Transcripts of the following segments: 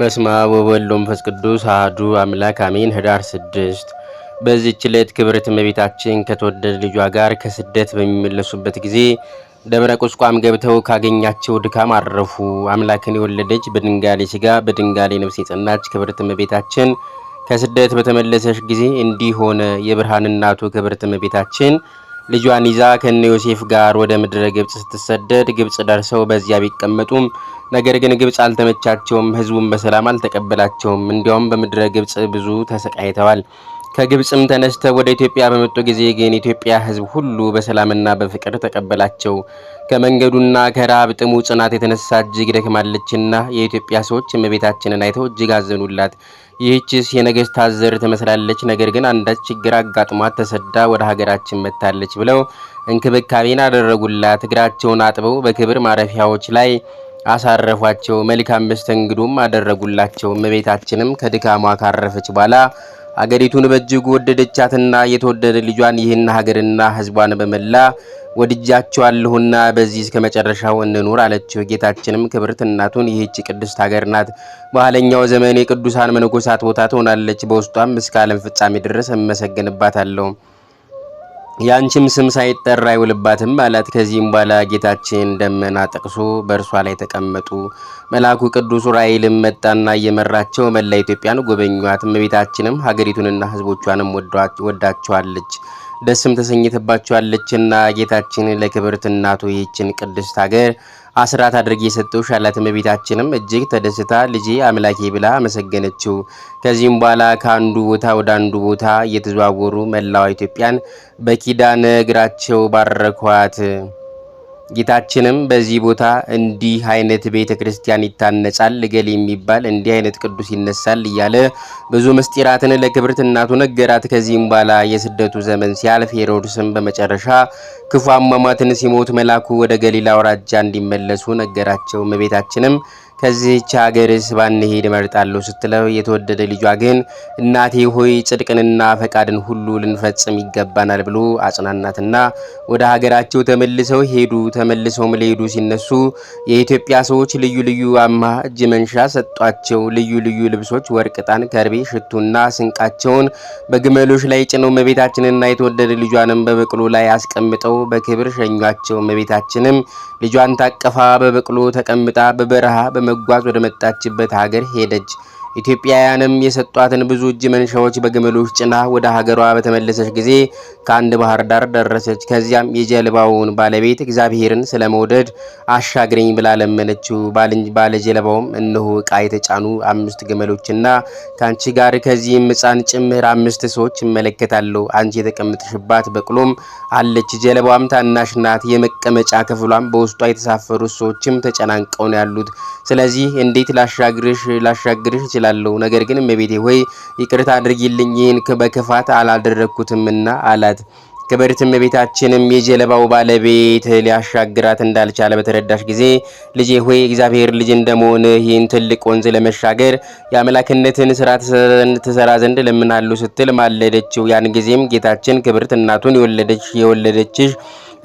በስመ አብ ወወልድ ወመንፈስ ቅዱስ አሐዱ አምላክ አሜን። ህዳር ስድስት በዚህች ዕለት ክብርት እመቤታችን ከተወደደ ልጇ ጋር ከስደት በሚመለሱበት ጊዜ ደብረ ቁስቋም ገብተው ካገኛቸው ድካም አረፉ። አምላክን የወለደች በድንጋሌ ሥጋ በድንጋሌ ነፍስ የጸናች ክብርት እመቤታችን ከስደት በተመለሰች ጊዜ እንዲህ ሆነ። የብርሃን እናቱ ክብርት እመቤታችን ልጇን ይዛ ከነ ዮሴፍ ጋር ወደ ምድረ ግብፅ ስትሰደድ ግብፅ ደርሰው በዚያ ቢቀመጡም ነገር ግን ግብፅ አልተመቻቸውም፣ ህዝቡን በሰላም አልተቀበላቸውም። እንዲያውም በምድረ ግብፅ ብዙ ተሰቃይተዋል። ከግብፅም ተነስተው ወደ ኢትዮጵያ በመጡ ጊዜ ግን ኢትዮጵያ ህዝብ ሁሉ በሰላምና በፍቅር ተቀበላቸው። ከመንገዱና ከረሃብ ጥሙ ጽናት የተነሳ እጅግ ደክማለችና የኢትዮጵያ ሰዎች እመቤታችንን አይተው እጅግ አዘኑላት። ይህችስ የነገስታት ዘር ትመስላለች፣ ነገር ግን አንዳች ችግር አጋጥሟት ተሰዳ ወደ ሀገራችን መጥታለች ብለው እንክብካቤን አደረጉላት። እግራቸውን አጥበው በክብር ማረፊያዎች ላይ አሳረፏቸው። መልካም መስተንግዶም አደረጉላቸው። እመቤታችንም ከድካሟ ካረፈች በኋላ አገሪቱን በእጅጉ ወደደቻትና የተወደደ ልጇን ይህን ሀገርና ሕዝቧን በመላ ወድጃቸዋለሁና በዚህ እስከ መጨረሻው እንኑር አለችው። ጌታችንም ክብርት እናቱን ይህች ቅድስት ሀገር ናት፣ በኋለኛው ዘመን የቅዱሳን መነኮሳት ቦታ ትሆናለች፣ በውስጧም እስከ ዓለም ፍጻሜ ድረስ እመሰገንባታለሁ። ያንቺም ስም ሳይጠራ አይውልባትም አላት። ከዚህም በኋላ ጌታችን ደመና ጠቅሶ በእርሷ ላይ ተቀመጡ። መልአኩ ቅዱስ ዑራኤልም መጣና እየመራቸው መላ ኢትዮጵያን ጎበኟት። እመቤታችንም ሀገሪቱንና ሕዝቦቿንም ወዳቸዋለች፣ ደስም ተሰኝተባቸዋለችና ጌታችን ለክብርት እናቱ ይህችን ቅድስት ሀገር አስራት አድርጌ የሰጠው ሻላት እመቤታችንም እጅግ ተደስታ ልጄ አምላኬ ብላ አመሰገነችው። ከዚህም በኋላ ከአንዱ ቦታ ወደ አንዱ ቦታ እየተዘዋወሩ መላዋ ኢትዮጵያን በኪዳነ እግራቸው ባረኳት። ጌታችንም በዚህ ቦታ እንዲህ አይነት ቤተ ክርስቲያን ይታነጻል፣ እገሌ የሚባል እንዲህ አይነት ቅዱስ ይነሳል እያለ ብዙ ምስጢራትን ለክብርት እናቱ ነገራት። ከዚህም በኋላ የስደቱ ዘመን ሲያልፍ ሄሮድስም በመጨረሻ ክፉ አሟሟትን ሲሞት መላኩ ወደ ገሊላ አውራጃ እንዲመለሱ ነገራቸው። እመቤታችንም ከዚህች ሀገርስ ባንሄድ እመርጣለሁ ስትለው የተወደደ ልጇ ግን እናቴ ሆይ ጽድቅንና ፈቃድን ሁሉ ልንፈጽም ይገባናል ብሎ አጽናናትና ወደ ሀገራቸው ተመልሰው ሄዱ። ተመልሰውም ሊሄዱ ሲነሱ የኢትዮጵያ ሰዎች ልዩ ልዩ እጅ መንሻ ሰጧቸው። ልዩ ልዩ ልብሶች፣ ወርቅ፣ ዕጣን፣ ከርቤ፣ ሽቱና ስንቃቸውን በግመሎች ላይ ጭነው እመቤታችንና የተወደደ ልጇንም በበቅሎ ላይ አስቀምጠው በክብር ሸኟቸው። እመቤታችንም ልጇን ታቀፋ በበቅሎ ተቀምጣ በበረሃ ለመጓዝ ወደ መጣችበት ሀገር ሄደች። ኢትዮጵያውያንም የሰጧትን ብዙ እጅ መንሻዎች በግመሎች ጭና ወደ ሀገሯ በተመለሰች ጊዜ ከአንድ ባህር ዳር ደረሰች። ከዚያም የጀልባውን ባለቤት እግዚአብሔርን ስለመውደድ አሻግረኝ ብላ ለመነችው። ባለጀልባውም እነሆ ዕቃ የተጫኑ አምስት ግመሎችና ከአንቺ ጋር ከዚህም ሕፃን ጭምር አምስት ሰዎች ይመለከታለሁ አንቺ የተቀመጥሽባት በቅሎም አለች። ጀልባዋም ታናሽ ናት። የመቀመጫ ክፍሏም በውስጧ የተሳፈሩት ሰዎችም ተጨናንቀው ነው ያሉት። ስለዚህ እንዴት ላሻግርሽ ላሻግርሽ እችላለሁ። ነገር ግን እመቤቴ ሆይ ይቅርታ አድርጊልኝ፣ ይህን በክፋት አላደረግኩትምና አላት። ክብርት እመቤታችንም የጀልባው ባለቤት ሊያሻግራት እንዳልቻለ በተረዳሽ ጊዜ ልጄ ሆይ እግዚአብሔር ልጅ እንደመሆን ይህን ትልቅ ወንዝ ለመሻገር የአምላክነትን ስራ ትሰራ ዘንድ ለምናሉ ስትል ማለደችው። ያን ጊዜም ጌታችን ክብርት እናቱን የወለደችሽ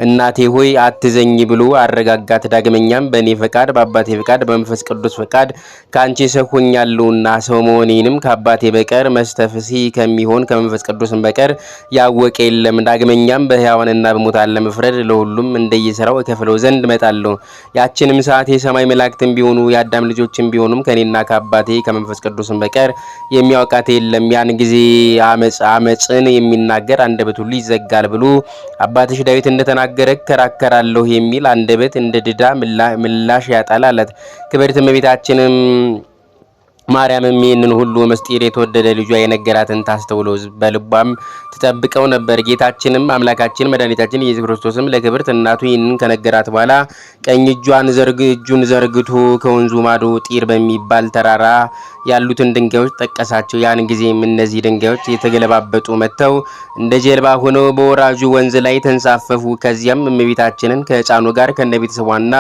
እናቴ ሆይ አትዘኝ ብሎ አረጋጋት። ዳግመኛም በእኔ ፈቃድ፣ በአባቴ ፈቃድ፣ በመንፈስ ቅዱስ ፈቃድ ከአንቺ ሰው ሆኛለሁና ሰው መሆኔንም ከአባቴ በቀር መስተፍሲ ከሚሆን ከመንፈስ ቅዱስም በቀር ያወቀ የለም። ዳግመኛም በሕያዋንና በሙታን ለመፍረድ ለሁሉም እንደየስራው እከፍለው ዘንድ መጣለሁ። ያችንም ሰዓት የሰማይ መላእክትም ቢሆኑ የአዳም ልጆችም ቢሆኑም ከእኔና ከአባቴ ከመንፈስ ቅዱስም በቀር የሚያውቃት የለም። ያን ጊዜ አመፅን የሚናገር አንደበት ሁሉ ይዘጋል ብሎ አባትሽ ዳዊት እንደተናገረ እየተናገረ እከራከራለሁ የሚል አንደበት እንደ ድዳ ምላሽ ያጣል አላት። ክብርት እመቤታችንም ማርያምም ይህንን ሁሉ ምስጢር የተወደደ ልጇ የነገራትን ታስተውሎ በልቧም ትጠብቀው ነበር። ጌታችንም አምላካችን መድኃኒታችን ኢየሱስ ክርስቶስም ለክብርት እናቱ ይህንን ከነገራት በኋላ ቀኝ እጇን ዘርግ እጁን ዘርግቶ ከወንዙ ማዶ ጢር በሚባል ተራራ ያሉትን ድንጋዮች ጠቀሳቸው። ያን ጊዜም እነዚህ ድንጋዮች የተገለባበጡ መጥተው እንደ ጀልባ ሆነው በወራጁ ወንዝ ላይ ተንሳፈፉ። ከዚያም እመቤታችንን ከሕፃኑ ጋር ከነ ቤተሰቧና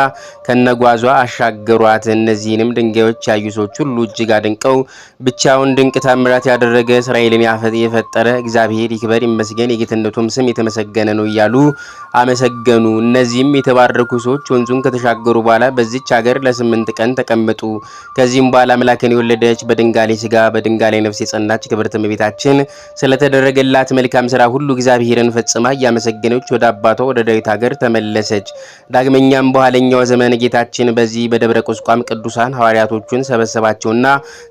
ከነጓዟ አሻገሯት። እነዚህንም ድንጋዮች ያዩ ሰዎች ሁሉ እጅግ የምናደንቀው ብቻውን ድንቅ ታምራት ያደረገ እስራኤልን የፈጠረ እግዚአብሔር ይክበር ይመስገን፣ የጌትነቱም ስም የተመሰገነ ነው እያሉ አመሰገኑ። እነዚህም የተባረኩ ሰዎች ወንዙን ከተሻገሩ በኋላ በዚች ሀገር ለስምንት ቀን ተቀመጡ። ከዚህም በኋላ አምላክን የወለደች በድንጋሌ ስጋ በድንጋሌ ነፍስ የጸናች ክብርት እመቤታችን ስለተደረገላት መልካም ስራ ሁሉ እግዚአብሔርን ፈጽማ እያመሰገነች ወደ አባቷ ወደ ዳዊት ሀገር ተመለሰች። ዳግመኛም በኋለኛው ዘመን ጌታችን በዚህ በደብረ ቁስቋም ቅዱሳን ሐዋርያቶቹን ሰበሰባቸውና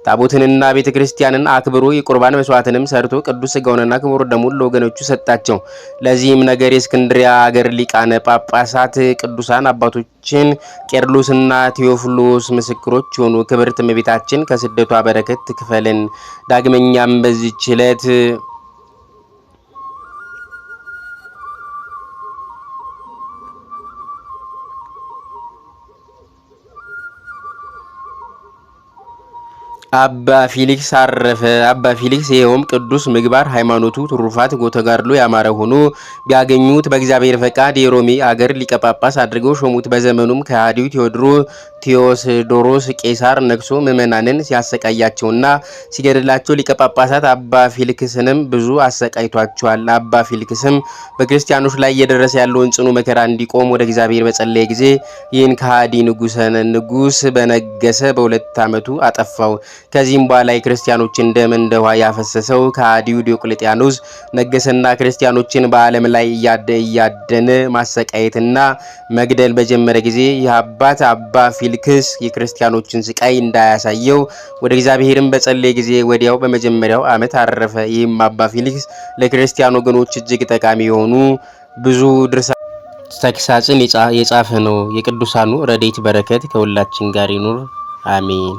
ታቦትንና ቤተ ክርስቲያንን አክብሮ የቁርባን መስዋዕትንም ሰርቶ ቅዱስ ስጋውንና ክቡር ደሙን ለወገኖቹ ሰጣቸው። ለዚህም ነገር የእስክንድሪያ አገር ሊቃነ ጳጳሳት ቅዱሳን አባቶችን ቄርሎስና ቴዎፍሎስ ምስክሮች የሆኑ ክብርት እመቤታችን ከስደቷ በረከት ክፈልን። ዳግመኛም በዚህች ዕለት አባ ፊሊክስ አረፈ። አባ ፊሊክስ ይኸውም ቅዱስ ምግባር ሃይማኖቱ ትሩፋት ጎተጋድሎ ያማረ ሆኖ ቢያገኙት በእግዚአብሔር ፈቃድ የሮሜ አገር ሊቀጳጳስ አድርገው ሾሙት። በዘመኑም ከሃዲው ቴዎድሮ ቴዎስዶሮስ ቄሳር ነግሶ ምዕመናንን ሲያሰቃያቸውና ሲገድላቸው ሊቀጳጳሳት አባ ፊልክስንም ብዙ አሰቃይቷቸዋል። አባ ፊልክስም በክርስቲያኖች ላይ እየደረሰ ያለውን ጽኑ መከራ እንዲቆም ወደ እግዚአብሔር በጸለየ ጊዜ ይህን ከሃዲ ንጉሰ ንጉስ በነገሰ በሁለት ዓመቱ አጠፋው። ከዚህም በኋላ የክርስቲያኖችን ደም እንደ ውሃ ያፈሰሰው ከሃዲው ዲዮቅልጥያኖስ ነገሰና ክርስቲያኖችን በዓለም ላይ እያደነ ማሰቃየትና መግደል በጀመረ ጊዜ የአባት አባ ፊልክስ የክርስቲያኖችን ስቃይ እንዳያሳየው ወደ እግዚአብሔርም በጸለየ ጊዜ ወዲያው በመጀመሪያው ዓመት አረፈ። ይህም አባ ፊልክስ ለክርስቲያን ወገኖች እጅግ ጠቃሚ የሆኑ ብዙ ድርሳ ተግሳጽን የጻፈ ነው። የቅዱሳኑ ረዴት በረከት ከሁላችን ጋር ይኑር፣ አሜን።